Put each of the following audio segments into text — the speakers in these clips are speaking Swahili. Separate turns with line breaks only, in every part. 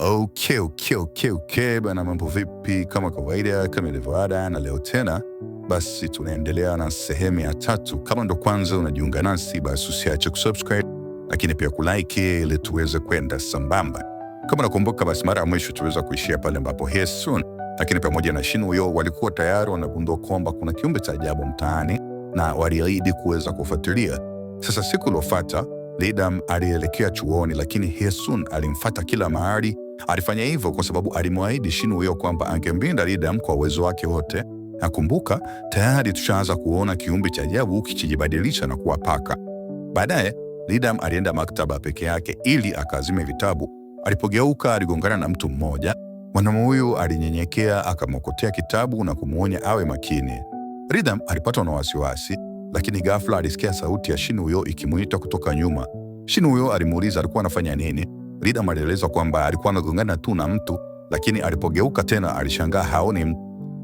Okay, okay, okay, okay bana, mambo vipi? Kama kawaida, kama ilivyo ada, na leo tena basi tunaendelea na sehemu ya tatu. Kama ndo kwanza unajiunga nasi, basi usiache kusubscribe, lakini pia kulike ili tuweze kwenda sambamba. Kama nakumbuka, basi mara ya mwisho tuweza kuishia pale ambapo Hesun lakini pamoja na Shin huyo walikuwa tayari wanagundua kwamba kuna kiumbe cha ajabu mtaani na waliahidi kuweza kufuatilia. Sasa siku iliyofuata, Lidam alielekea chuoni, lakini Hesun alimfata kila mahali Alifanya hivyo kwa sababu alimwahidi Shin'Wei kwamba angemlinda Li-Dam kwa uwezo wake wote, nakumbuka tayari tushaanza kuona kiumbe cha ajabu kichijibadilisha na kuwa paka. Baadaye Li-Dam alienda maktaba peke yake ili akaazime vitabu. Alipogeuka aligongana na mtu mmoja. Mwanamume huyu alinyenyekea, akamokotea kitabu na kumwonya awe makini. Li-Dam alipatwa na wasiwasi, lakini ghafla alisikia sauti ya huyo ikimuita kutoka nyuma. huyo alimuuliza alikuwa anafanya nini, Ridham alielezwa kwamba alikuwa anagongana tu na mtu, lakini alipogeuka tena alishangaa haoni.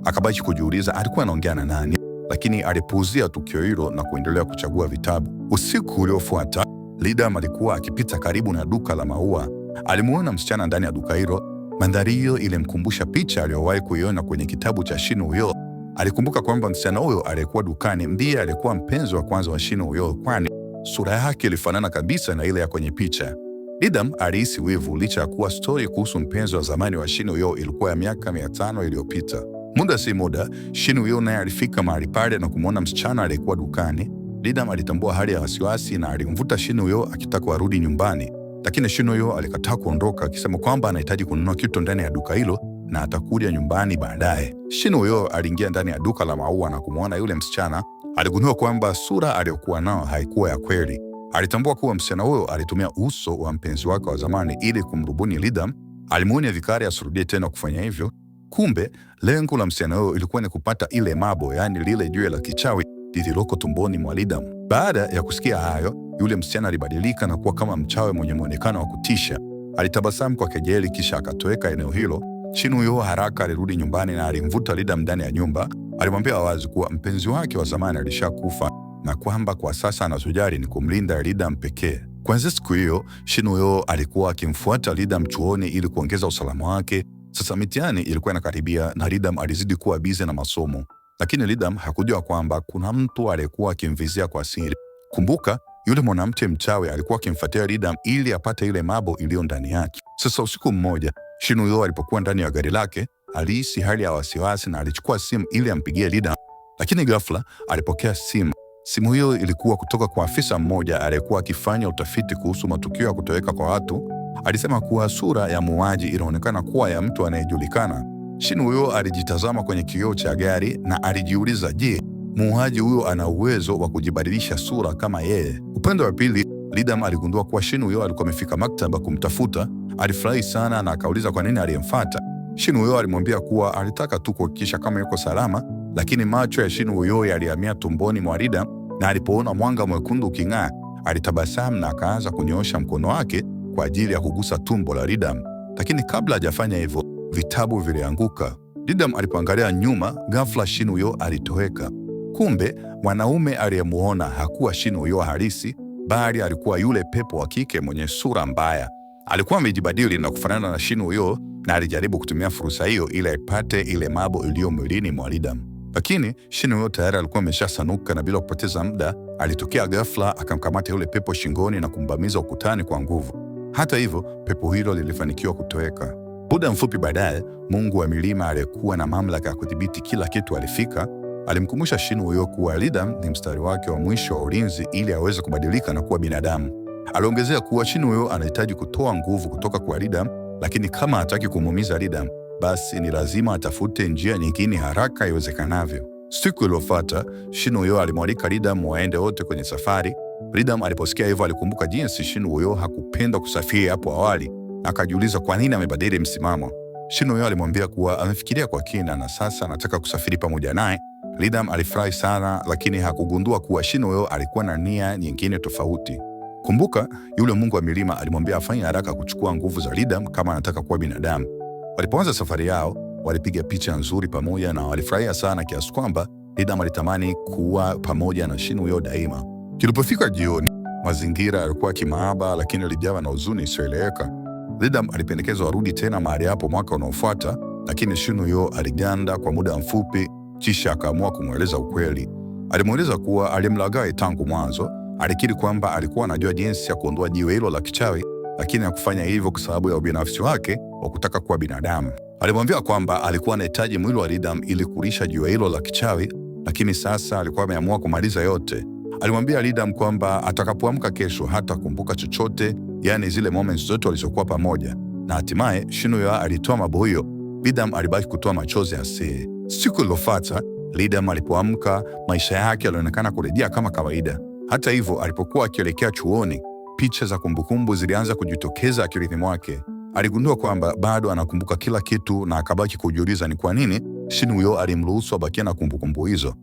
Akabaki kujiuliza alikuwa anaongea na nani, lakini alipuuzia tukio hilo na kuendelea kuchagua vitabu. Usiku uliofuata Ridham alikuwa akipita karibu na duka la maua. Alimuona msichana ndani ya duka hilo. Mandhari hiyo ilimkumbusha picha aliyowahi kuiona kwenye kitabu cha Shin huyo Alikumbuka kwamba msichana huyo aliyekuwa dukani ndiye aliyekuwa mpenzi wa kwanza wa Shin woo kwani sura yake ilifanana kabisa na ile ya kwenye picha. Didam alihisi wivu licha ya kuwa stori kuhusu mpenzi wa zamani wa Shin Woo-yo ilikuwa ya miaka mia tano iliyopita. Muda si muda, Shin Woo-yo naye alifika mahali pale na kumwona msichana aliyekuwa dukani. Didam alitambua hali ya wasiwasi na alimvuta Shin Woo-yo akitaka warudi nyumbani, lakini Shin Woo-yo alikataa kuondoka akisema kwamba anahitaji kununua kitu ndani ya duka hilo na atakuja nyumbani baadaye. Shin Woo-yo aliingia ndani ya duka la maua na kumwona yule msichana. Aligundua kwamba sura aliyokuwa nao haikuwa ya kweli. Alitambua kuwa msichana huyo alitumia uso wa mpenzi wake wa zamani ili kumrubuni Lidam. Alimuonya vikari asirudie tena kufanya hivyo. Kumbe lengo la msichana huyo ilikuwa ni kupata ile mabo, yaani lile jiwe la kichawi lililoko tumboni mwa Lidam. Baada ya kusikia hayo, yule msichana alibadilika na kuwa kama mchawi mwenye mwonekano wa kutisha. Alitabasamu kwa kejeli, kisha akatoweka eneo hilo. Chinu huyo haraka alirudi nyumbani na alimvuta Lidam ndani ya nyumba. Alimwambia wazi kuwa mpenzi wake wa zamani alishakufa na kwamba kwa sasa anachojali ni kumlinda Ridham pekee. Kuanzia siku hiyo, Shinuyo alikuwa akimfuata Ridham chuoni ili kuongeza usalama wake. Sasa mitihani ilikuwa inakaribia na Ridham alizidi kuwa bize na masomo, lakini Ridham hakujua kwamba kuna mtu aliyekuwa akimvizia kwa siri. Kumbuka, yule mwanamke mchawi alikuwa akimfuatia Ridham ili apate ile mabo iliyo ndani yake. Sasa usiku mmoja, Shinuyo alipokuwa ndani ya gari lake, alihisi hali ya wasiwasi na alichukua simu ili ampigie Ridham, lakini ghafla alipokea simu Simu hiyo ilikuwa kutoka kwa afisa mmoja aliyekuwa akifanya utafiti kuhusu matukio ya kutoweka kwa watu. Alisema kuwa sura ya muuaji inaonekana kuwa ya mtu anayejulikana. Shin huyo alijitazama kwenye kioo cha gari na alijiuliza, je, muuaji huyo ana uwezo wa kujibadilisha sura kama yeye? Upande wa pili, Lidam aligundua kuwa Shin huyo alikuwa amefika maktaba kumtafuta. Alifurahi sana na akauliza kwa nini aliyemfata Shin huyo alimwambia kuwa alitaka tu kuhakikisha kama yuko salama lakini macho ya Shin Woo-yoo yalihamia tumboni mwa Rida, na alipoona mwanga mwekundu uking'aa, alitabasamu na akaanza kunyoosha mkono wake kwa ajili ya kugusa tumbo la Ridam, lakini kabla hajafanya hivyo, vitabu vilianguka. Ridam alipoangalia nyuma, ghafla Shin Woo-yoo alitoweka. Kumbe mwanaume aliyemuona hakuwa Shin Woo-yoo halisi, bali alikuwa yule pepo wa kike mwenye sura mbaya. Alikuwa amejibadili na kufanana na Shin Woo-yoo, na alijaribu kutumia fursa hiyo ili aipate ile mabo iliyo mwilini mwa Ridam. Lakini Shin huyo tayari alikuwa ameshasanuka na bila kupoteza muda alitokea ghafla akamkamata yule pepo shingoni na kumbamiza ukutani kwa nguvu. Hata hivyo, pepo hilo lilifanikiwa kutoweka. Muda mfupi baadaye, mungu wa milima aliyekuwa na mamlaka ya kudhibiti kila kitu alifika. Alimkumbusha Shin huyo kuwa Ridam ni mstari wake wa mwisho wa ulinzi ili aweze kubadilika na kuwa binadamu. Aliongezea kuwa Shin huyo anahitaji kutoa nguvu kutoka kwa Ridam, lakini kama hataki kumuumiza Ridam basi ni lazima atafute njia nyingine haraka iwezekanavyo. Siku iliyofuata Shin Woo-yo alimwalika Ridam waende wote kwenye safari. Ridam aliposikia hivyo alikumbuka jinsi Shin woo hakupenda kusafiri hapo awali, akajiuliza kwa nini amebadili msimamo. Shin woo alimwambia kuwa amefikiria kwa kina na sasa anataka kusafiri pamoja naye. Ridam alifurahi sana, lakini hakugundua kuwa Shin woo alikuwa na nia nyingine tofauti. Kumbuka, yule mungu wa milima alimwambia afanye haraka kuchukua nguvu za ridam kama anataka kuwa binadamu. Walipoanza safari yao, walipiga picha nzuri pamoja na walifurahia sana kiasi kwamba idam alitamani kuwa pamoja na shinu woo daima. Kilipofika jioni, mazingira yalikuwa kimaaba, lakini yalijawa na huzuni isiyoeleweka. Didam alipendekezwa warudi tena mahali hapo mwaka unaofuata, lakini shinu woo aliganda kwa muda mfupi, kisha akaamua kumweleza ukweli. alimweleza kuwa alimlaghai tangu mwanzo, alikiri kwamba alikuwa anajua jinsi ya kuondoa jiwe hilo la kichawi lakini hakufanya hivyo kwa sababu ya ubinafsi wake wa kutaka kuwa binadamu. Alimwambia kwamba alikuwa anahitaji mwili wa Ridham ili kulisha jua hilo la kichawi, lakini sasa alikuwa ameamua kumaliza yote. Alimwambia Ridham kwamba atakapoamka kesho hata kumbuka chochote, yaani zile moments zote walizokuwa pamoja, na hatimaye Shinuya alitoa mabuyo. Ridham alibaki kutoa machozi asee. Siku iliyofuata Ridham alipoamka, maisha yake yalionekana kurejea kama kawaida. Hata hivyo, alipokuwa akielekea chuoni picha za kumbukumbu zilianza kujitokeza akilini mwake. Aligundua kwamba bado anakumbuka kila kitu na akabaki kujiuliza ni kwa nini Shinwyo alimruhusu abakie na kumbukumbu hizo.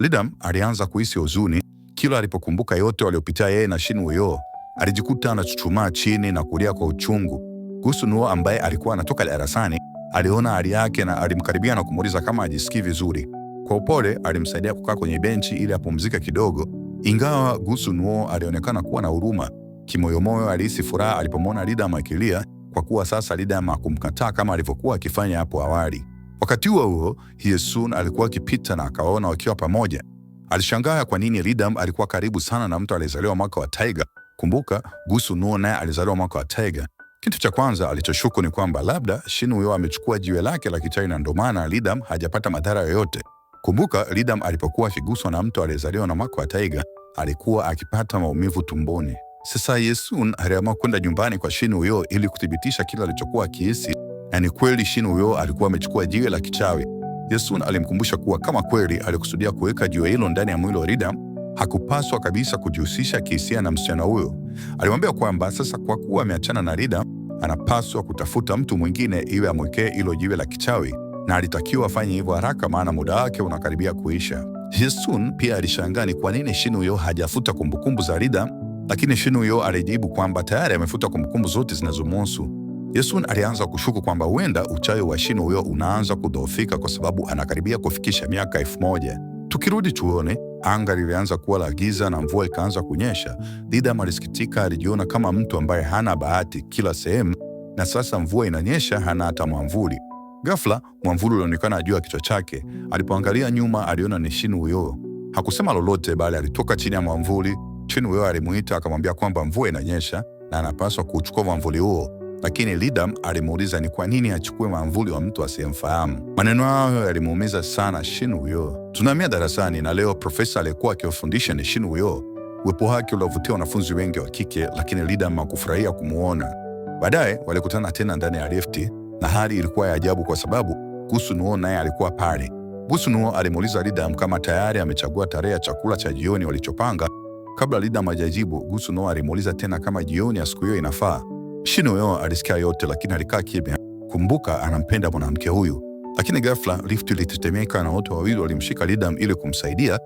Lidam alianza kuhisi huzuni kila alipokumbuka yote waliopitia yeye na Shinwyo. Alijikuta anachuchumaa chini na kulia kwa uchungu. Gusunuo ambaye alikuwa anatoka darasani aliona hali yake na alimkaribia na kumuuliza kama ajisikii vizuri. Kwa upole alimsaidia kukaa kwenye benchi ili apumzike kidogo, ingawa Gusunuo alionekana kuwa na huruma Kimoyomoyo alihisi furaha alipomwona Lidam akilia kwa kuwa sasa Lidam hakumkataa kama alivyokuwa akifanya hapo awali. Wakati huo huo, Hyesun alikuwa akipita na akaona wakiwa pamoja. Alishangaa kwa nini Lidam alikuwa karibu sana na mtu aliyezaliwa mwaka wa Taiga. Kumbuka Gusu Nuo naye alizaliwa mwaka wa Taiga. Kitu cha kwanza alichoshuku ni kwamba labda Shin huyo amechukua jiwe lake la kichai na ndo maana Lidam hajapata madhara yoyote. Kumbuka Lidam alipokuwa akiguswa na mtu aliyezaliwa na mwaka wa Taiga alikuwa akipata maumivu tumboni. Sasa Yesun aliamua kwenda nyumbani kwa Shin woo ili kuthibitisha kile alichokuwa akihisi, na ni kweli Shin woo alikuwa amechukua jiwe la kichawi. Yesun alimkumbusha kuwa kama kweli alikusudia kuweka jiwe hilo ndani ya mwili wa Rida, hakupaswa kabisa kujihusisha kihisia na msichana huyo. Alimwambia kwamba sasa kwa kuwa ameachana na Rida, anapaswa kutafuta mtu mwingine iwe amwekee hilo jiwe la kichawi, na alitakiwa afanye hivyo haraka, maana muda wake unakaribia kuisha. Yesun pia alishangaa ni kwa nini Shin woo hajafuta kumbukumbu za Rida lakini Shinuyo alijibu kwamba tayari amefuta kumbukumbu zote zinazomhusu. Yesun alianza kushuku kwamba huenda uchayo wa Shinuyo unaanza kudhoofika kwa sababu anakaribia kufikisha miaka elfu moja. Tukirudi tuone anga lilianza kuwa la giza na mvua ikaanza kunyesha. Didam alisikitika, alijiona kama mtu ambaye hana bahati kila sehemu, na sasa mvua inanyesha, hana hata mwamvuli. Ghafla mwamvuli ulionekana juu ya kichwa chake. Alipoangalia nyuma, aliona ni huyo Hakusema lolote, bali alitoka chini ya mwamvuli Chin huyo alimuita akamwambia kwamba mvua inanyesha na anapaswa kuchukua mwamvuli huo, lakini Lidam alimuuliza ni kwa nini achukue mwamvuli wa mtu asiyemfahamu. Maneno hayo yalimuumiza sana Shin huyo. Tunahamia darasani na leo profesa aliyekuwa akiwafundisha ni Shin huyo. Uwepo wake uliwavutia wanafunzi wengi wa kike, lakini Lidam hakufurahia kumuona. Baadaye walikutana tena ndani ya lifti na hali ilikuwa ya ajabu kwa sababu Gusunuo naye alikuwa pale. Gusunuo alimuuliza Lidam kama tayari amechagua tarehe ya chakula cha jioni walichopanga Kabla Lida majajibu, Gutsunoa alimuuliza tena kama jioni ya siku hiyo inafaa. Shinoyo alisikia yote lakini alikaa kimya. Kumbuka anampenda mwanamke huyu. Lakini ghafla lift ilitetemeka na wote wawili walimshika Lidam ili kumsaidia.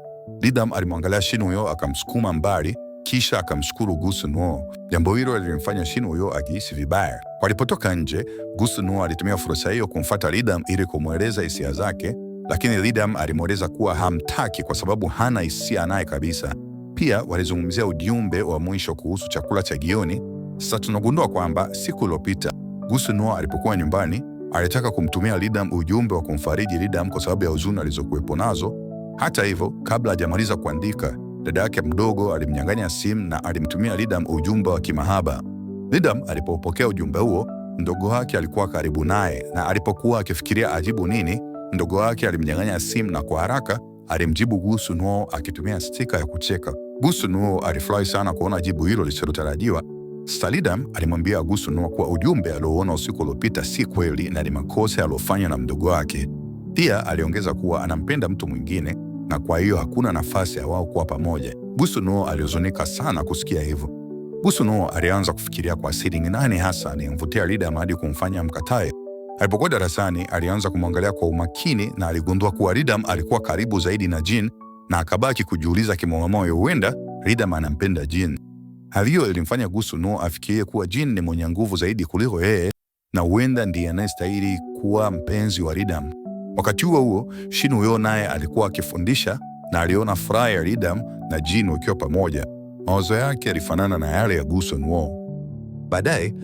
Lidam alimwangalia Shinoyo akamsukuma mbali kisha akamshukuru Gutsunoa. Jambo hilo lilimfanya Shinoyo ajihisi vibaya. Walipotoka nje, Gutsunoa alitumia fursa hiyo kumfuata Lidam ili kumweleza hisia zake, lakini Lidam alimweleza kuwa hamtaki kwa sababu hana hisia naye kabisa. Pia walizungumzia ujumbe wa mwisho kuhusu chakula cha jioni. Sasa tunagundua kwamba siku iliyopita Gusno alipokuwa nyumbani alitaka kumtumia Lidam ujumbe wa kumfariji Lidam kwa sababu ya huzuni alizokuwepo nazo. Hata hivyo, kabla hajamaliza kuandika, dada yake mdogo alimnyang'anya simu na alimtumia Lidam ujumbe wa kimahaba. Lidam alipopokea ujumbe huo, mdogo wake alikuwa karibu naye, na alipokuwa akifikiria ajibu nini, mdogo wake alimnyang'anya simu na kwa haraka alimjibu Gusunuo akitumia stika ya kucheka gusunuo alifurahi sana kuona jibu hilo lisilotarajiwa. Salidam alimwambia Gusunu kuwa ujumbe alioona usiku uliopita si kweli na ni makosa aliyofanywa na mdogo wake. Pia aliongeza kuwa anampenda mtu mwingine na kwa hiyo hakuna nafasi ya wao kuwa pamoja. nuo alihuzunika sana kusikia hivyo. nuo alianza kufikiria kwa siri ni nani hasa anayemvutia Saladin hadi kumfanya mkatae. Alipokuwa darasani, alianza kumwangalia kwa umakini na aligundua kuwa Saladin alikuwa karibu zaidi na Jin na akabaki kujiuliza kimoyomoyo, huenda Ridham anampenda Jin. Hali hiyo ilimfanya No afikirie kuwa Jin ni mwenye nguvu zaidi kuliko yeye na huenda ndiye anayestahili kuwa mpenzi wa Ridham. Wakati huo huo, Shin Woo-yo naye alikuwa akifundisha na aliona furaha ya Ridham na Jin wakiwa pamoja. Mawazo yake yalifanana na yale ya Gusunu No. Baadaye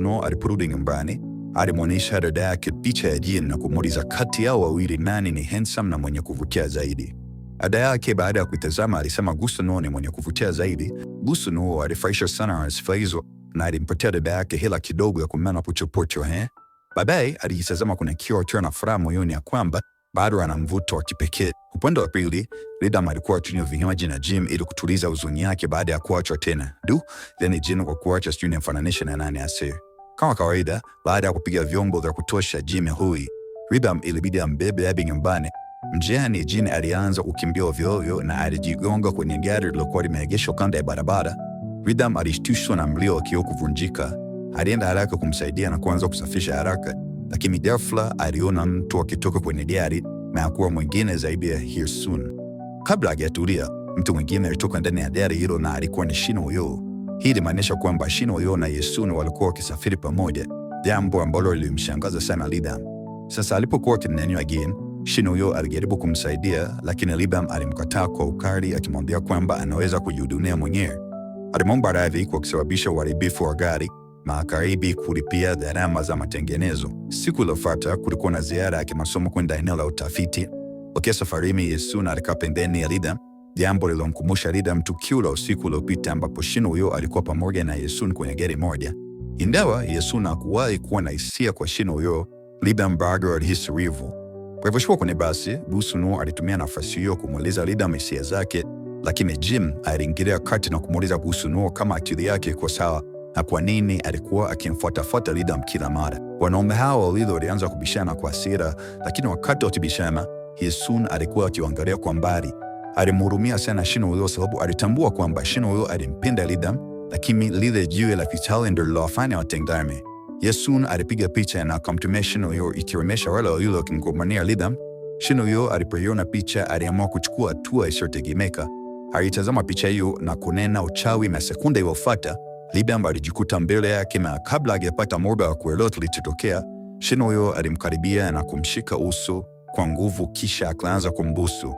No aliporudi nyumbani, alimwonyesha dada yake picha ya Jin na kumuuliza kati yao wawili nani ni handsome na mwenye kuvutia zaidi. Ada yake baada ya kuitazama alisema Gusto Nuo ni mwenye kuvutia zaidi. Gusto Nuo alifurahisha sana Razzfazel na alimpatia dada yake hela kidogo ya kumnana pochopocho. Eh, baadaye alijitazama kuna kioo akiwa na furaha moyoni ya kwamba bado ana mvuto wa kipekee. Upande wa pili, Lidam alikuwa akinywa vinywaji na Jim ili kutuliza huzuni yake baada ya kuachwa tena. Du, then Jim kwa kuacha sijui nimfananisha na nani ase. Kama kawaida, baada ya kupiga vyombo vya kutosha Jim hui, Lidam ilibidi ambebe hadi nyumbani Mjiani, Jin alianza kukimbia ovyoovyo na alijigonga kwenye gari lililokuwa limeegeshwa kando ya barabara. Ridham alishtushwa na mlio wa kioo kuvunjika. Alienda haraka kumsaidia na kuanza kusafisha haraka, lakini ghafla aliona mtu akitoka kwenye gari na hakuwa mwingine zaidi ya Hirsun. Kabla hajatulia, mtu mwingine alitoka ndani ya gari hilo na alikuwa ni Shinoyo. Hii ilimaanisha kwamba Shinoyo na Hirsun walikuwa wakisafiri pamoja, jambo ambalo lilimshangaza sana Ridham. Sasa alipokuwa akinyanyua again Shin-woo alijaribu kumsaidia, lakini libam alimkataa kwa ukali, akimwambia kwamba anaweza kujihudumia mwenyewe. Alimwomba radhi kwa kusababisha uharibifu wa gari magharibi kulipia gharama za matengenezo. Siku iliyofuata kulikuwa na ziara ya kimasomo kwenda eneo la utafiti. Wakiwa safarini, yesun alikaa pembeni ya lee jambo lilomkumbusha lidam tukio la usiku uliopita ambapo Shin-woo alikuwa pamoja na yesun kwenye gari moja. Ingawa yesun hakuwahi kuwa na hisia kwa Shin-woo, lee bado alihisi wivu. Waliposhuka kwenye basi, Busunu alitumia nafasi hiyo kumweleza Lida hisia zake, lakini Jim aliingilia kati na kumuuliza Busunu kama akili yake iko sawa na kwa nini alikuwa akimfuatafuata Lida kila mara. Wanaume hao wawili walianza kubishana kwa hasira, lakini wakati wakibishana, hisun alikuwa akiangalia kwa mbali. Alimhurumia sana Shino huyo sababu alitambua kwamba Shino huyo alimpenda Lida, lakini lile jiwe la kichawi ndio lilowafanya watengane yesun alipiga picha na akamtumia Shin Ryu ikionyesha wale walilokumania Lida. Shin Ryu alipoiona picha aliamua kuchukua hatua isiyotegemeka. Alitazama picha hiyo na kunena uchawi, na sekunde iliyofuata lidam alijikuta mbele yake, na kabla hajapata muda wa kuelewa kilichotokea, shino yo alimkaribia na kumshika uso kwa nguvu, kisha akaanza kumbusu.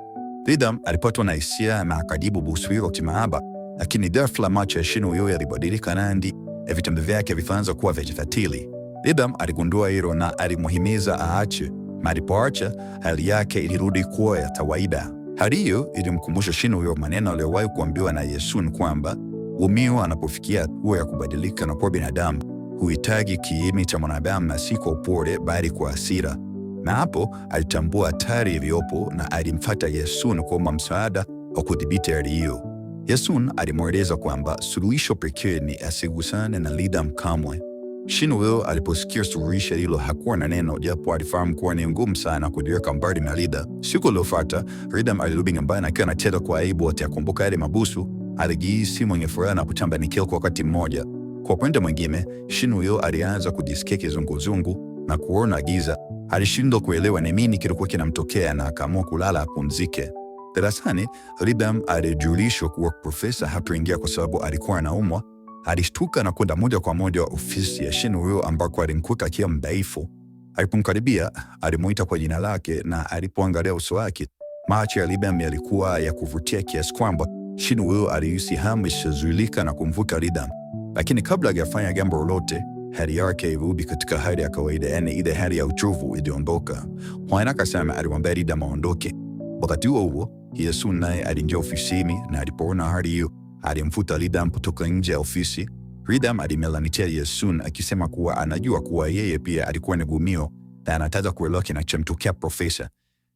Lida alipatwa na hisia na akajibu busu hilo kimaaba, lakini ghafla macho ya Shin Ryu yalibadilika nandi Eh, vitambi vyake vifanza kuwa vejetatili. Lidam aligundua hilo na alimuhimiza aache, na alipoacha hali yake ilirudi kuwa ya kawaida. Hali hiyo ilimkumbusha Shin huyo maneno aliyowahi kuambiwa na Yesu, kwamba umio anapofikia hatua ya kubadilika na kuwa binadamu huhitaji kiimi cha mwanadamu, na si kwa upole, bali kwa hasira. Na hapo alitambua hatari iliyopo na alimfata Yesu na kuomba msaada wa kudhibiti hali hiyo. Yasun alimweleza kwamba suluhisho pekee ni asigusane na Lidam kamwe. Shinwell aliposikia suluhisho hilo hakuwa na neno, japo alifahamu kuwa ni ngumu sana kujiweka mbali na Lida. Siku iliyofuata Ridam alirudi nyumbani akiwa anacheka kwa aibu, akumbuka yale mabusu. Alijihisi mwenye furaha na kuchanganyikiwa kwa wakati mmoja. Kwa upande mwingine, Shinwell alianza kujisikia kizunguzungu na kuona giza. Alishindwa kuelewa ni nini kilikuwa kinamtokea na akaamua kulala apumzike. Darasani Ridham alijulishwa kuwa profesa hataingia kwa sababu alikuwa anaumwa. Alishtuka na kwenda moja kwa moja wa ofisi ya Shin Woo ambako alimkuta akiwa mdhaifu. Alipomkaribia alimuita kwa jina lake, na alipoangalia uso wake, macho ya Ridham yalikuwa ya kuvutia kiasi kwamba Shin Woo alihisi hamu isiyozuilika na kumvuta Ridham, lakini kabla hajafanya jambo lolote hali yake ilirudi katika hali ya kawaida, yani ile hali ya uchovu iliondoka. Hwanak akasema alimwambia Ridham aondoke. Wakati huo huo Yesu naye alinjia ofisini na alipoona hali hiyo alimfuta Ridham kutoka nje ya ofisi. Ridham alimelanichia Yesu akisema kuwa anajua kuwa yeye pia alikuwa ni gumio na anataka kuelewa kinachomtokea profesa.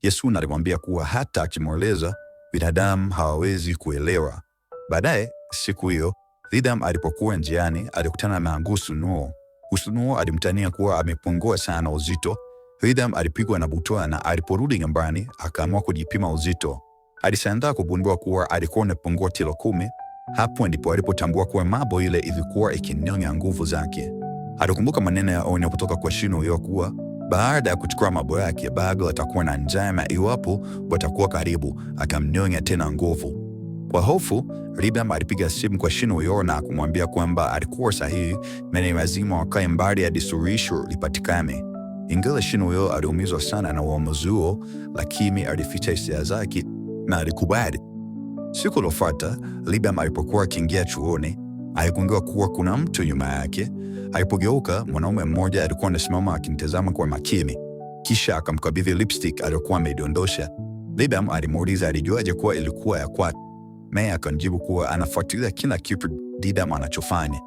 Yesu alimwambia kuwa hata akimweleza binadamu hawawezi kuelewa. Baadaye siku hiyo Ridham alipokuwa njiani alikutana na Gusunuo. usunuo alimtania kuwa amepungua sana uzito. Ridham alipigwa na butwaa na aliporudi nyumbani akaamua kujipima uzito alishangaa kugundua kuwa alikuwa pungua kilo kumi. Hapo ndipo alipotambua kuwa mabo ile ilikuwa ikinyonya nguvu zake. Alikumbuka maneno ya onyo kutoka kwa Shino kuwa baada ya kuchukua mabo yake Bago atakuwa na njama iwapo watakuwa karibu, akamnyonya tena nguvu. Kwa hofu, Ribam alipiga simu kwa Shino huyo na kumwambia kwamba alikuwa sahihi na ni lazima wakae mbali hadi suluhisho lipatikane. Ingawa Shino huyo aliumizwa sana na uamuzi huo, lakini alificha hisia zake na alikubali. Siku iliyofuata Liam alipokuwa akiingia chuoni, aligundua kuwa kuna mtu nyuma yake. Alipogeuka, mwanaume mmoja alikuwa anasimama akimtazama kwa makini, kisha akamkabidhi lipstick aliyokuwa ameidondosha. Liam alimuuliza alijuaje kuwa ilikuwa ya kwake. Mae akamjibu kuwa anafuatilia kila kitu Liam anachofanya.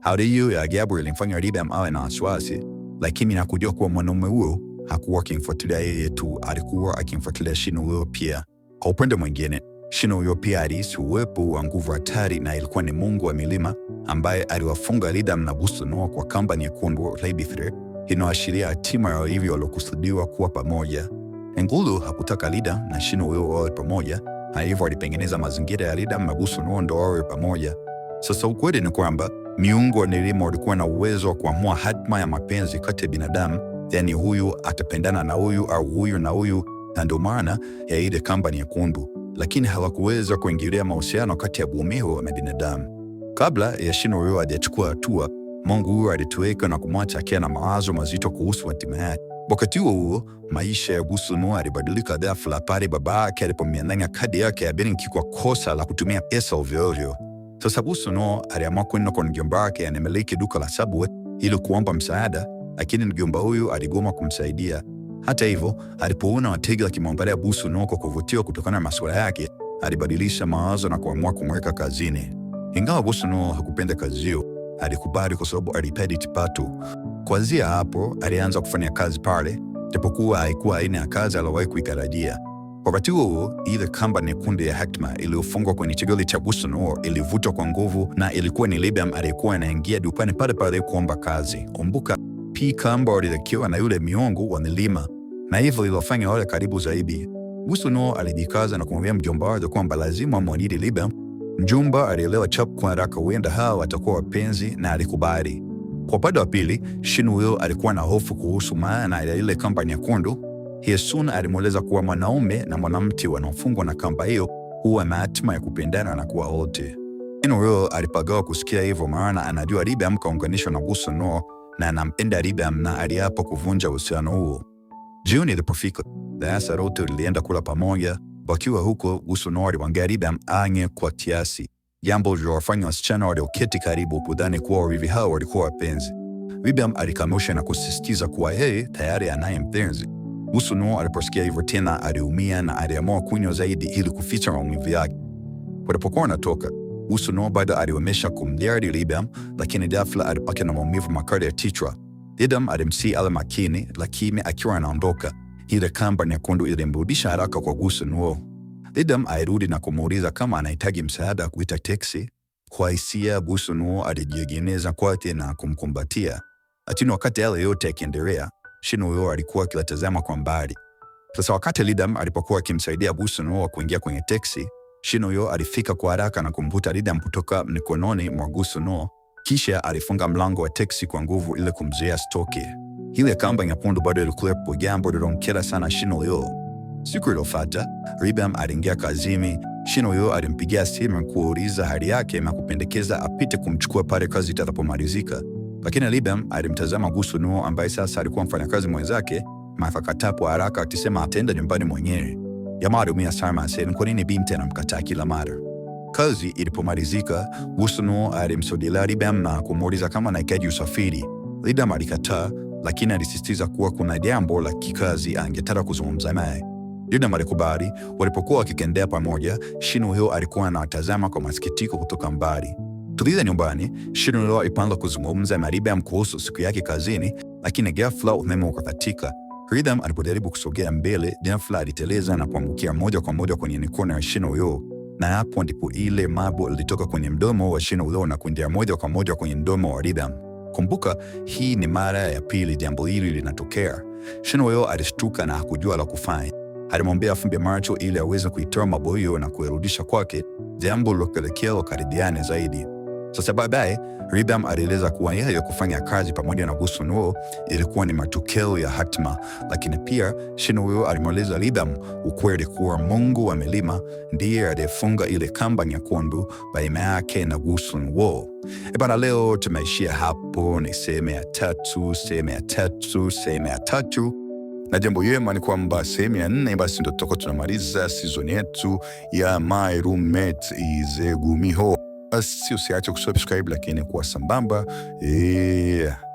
Hali hiyo ya ajabu ilimfanya Liam awe na wasiwasi, lakini kujua kuwa mwanaume huyo hakuwa akimfuatilia yeye tu, alikuwa akimfuatilia Shin pia. Kwa upande mwingine, shino pia alihisi uwepo wa nguvu hatari na ilikuwa ni mungu wa milima ambaye aliwafunga Lidam na busu kwa kamba nyekundu Leibithre, inayoashiria hatima ya hivyo waliokusudiwa kuwa pamoja. Engulu hakutaka lida na Shino-Uyopi wawe pamoja, na hivyo alitengeneza mazingira ya Elam na busu ndo wawe pamoja. Sasa ukweli ni kwamba miungu wa milima walikuwa na uwezo wa kuamua hatima ya mapenzi kati ya binadamu, yaani huyu atapendana na huyu au huyu na huyu na ndio maana ya ile kamba nyekundu, lakini hawakuweza kuingilia mahusiano kati ya Bumihwa na binadamu. Kabla ya Shino Ryu hajachukua hatua, Mungu huyo alituweka na kumwacha akiwa na mawazo mazito kuhusu hatima yake. Wakati huo huo, maisha ya Gusumo alibadilika ghafla pale baba yake alipomnyang'anya kadi yake ya benki kwa kosa la kutumia pesa ovyoovyo. Sasa Gusumo aliamua kwenda kwa mjomba wake anayemiliki duka la Subway ili kuomba msaada, lakini mjomba huyu aligoma kumsaidia. Hata hivyo, alipoona wateja wakimwangalia Busu Noko kuvutiwa kutokana na masuala yake, alibadilisha mawazo na kuamua kumweka kazini. Ingawa Busu Noko hakupenda kazi hiyo, alikubali kwa sababu alipedi kipato. Kuanzia hapo, alianza kufanya kazi pale, japokuwa haikuwa aina ya kazi aliyowahi kuitarajia. Wakati huo ile kamba nyekundu ya hatima iliyofungwa kwenye chigoli cha Busu Noko ilivutwa kwa nguvu, na ilikuwa ni Libam aliyekuwa anaingia dukani pale pale kuomba kazi. Kumbuka, P Kamba walitakiwa na yule miongo wa milima na hivyo iliwafanya wale karibu zaidi. Gusno alijikaza na kumwambia mjomba wake kwamba lazima amwajiri Libe. Mjomba alielewa chap kwa haraka, huenda hawa watakuwa wapenzi na alikubali. Kwa upande wa pili, Shinwil alikuwa na hofu kuhusu maana ya ile kamba nyekundu. Hyesun alimueleza kuwa mwanaume na mwanamke wanaofungwa na kamba hiyo huwa na hatima ya kupendana na kuwa wote. Shinwil alipagawa kusikia hivyo, maana anajua Libam kaunganishwa na Gusno na anampenda Libam na aliapa kuvunja uhusiano huo. Jioni ilipofika, Daasa lote lilienda kula pamoja, wakiwa huko uso nao waliangalia anye kwa kiasi, jambo lililowafanya wasichana walioketi karibu kudhani kuwa wawili hao walikuwa wapenzi. Bibiam alikamusha e, na kusisitiza kuwa yeye tayari anaye mpenzi. Usunuo aliposikia hivyo tena aliumia na aliamua kunywa e zaidi ili kuficha maumivu yake. Walipokuwa wanatoka, no bado aliwemesha kumdiari Libiam, lakini ghafla alipaka na maumivu makali ya kichwa Didem alimsii ale makini, lakini akiwa anaondoka ile kamba nyekundu ilimrudisha haraka kwa Gusu Nuo. Didem airudi na kumuuliza kama anahitaji msaada kuita teksi. Kwa hisia, Gusu Nuo alijiegeneza kwake na kumkumbatia. Lakini wakati yale yote yakiendelea, Shinuyo alikuwa akilatazama kwa mbali. Sasa wakati Lidam alipokuwa akimsaidia Gusu Nuo kuingia kwenye teksi, Shinuyo alifika kwa haraka na kumvuta Lidam kutoka mikononi mwa Gusu Nuo kisha alifunga mlango wa teksi kwa nguvu ili kumzuia asitoke. Ile kamba nyekundu bado ilikuwepo, jambo lilomkera sana Shino Ryo. Siku iliyofuata Ribam aliingia kazini. Shino Ryo alimpigia simu kuuliza hali yake na kupendekeza apite kumchukua pale kazi itakapomalizika, lakini Ribam alimtazama Gusunuo ambaye sasa alikuwa mfanyakazi mwenzake mafakatapo haraka akisema ataenda nyumbani mwenyewe. Jamaa aliumia sana, kwa nini binti anamkataa kila mara? Kazi ilipomalizika, Busono alimsogelea Libam na kumuuliza kama anahitaji usafiri. Lidam alikataa, lakini alisisitiza kuwa kuna jambo la kikazi angetaka kuzungumza naye. Lidam alikubali. Walipokuwa wakikendea pamoja, Shinhyo alikuwa anawatazama kwa masikitiko kutoka mbali. Tuliza nyumbani, Shinhyo alipanga kuzungumza na Libam kuhusu siku yake kazini, lakini ghafla umeme ukakatika. Lidam alipojaribu kusogea mbele, ghafla aliteleza na kuangukia moja kwa moja kwenye mikono ya Shinhyo na hapo ndipo ile mabo ilitoka kwenye mdomo wa shina ulo na kuingia moja kwa moja kwenye mdomo wa Ridham. Kumbuka, hii ni mara ya pili jambo hili linatokea. Shina ulo alishtuka na hakujua la kufanya. Alimwambia afumbe macho ili aweze kuitoa mabo hiyo na kuirudisha kwake, jambo lilopelekea wakaribiane zaidi. Sasa baadaye Ridham alieleza kuwa yeye kufanya kazi pamoja na Gussun ilikuwa ni matokeo ya hatima, lakini pia huyo alimweleza Ridham ukweli kuwa Mungu wa milima ndiye aliyefunga ile kamba nyekundu baina yake na Gussun Woo. Ebana, eh, leo tumeishia hapo. Ni sehemu ya tatu, sehemu ya tatu, sehemu ya tatu na jambo yema ni kwamba sehemu ya nne basi ndo tutakuwa tunamaliza sizoni yetu ya My Roommate is Gumiho basi usiache kusubscribe, lakini kuwa sambamba yeah.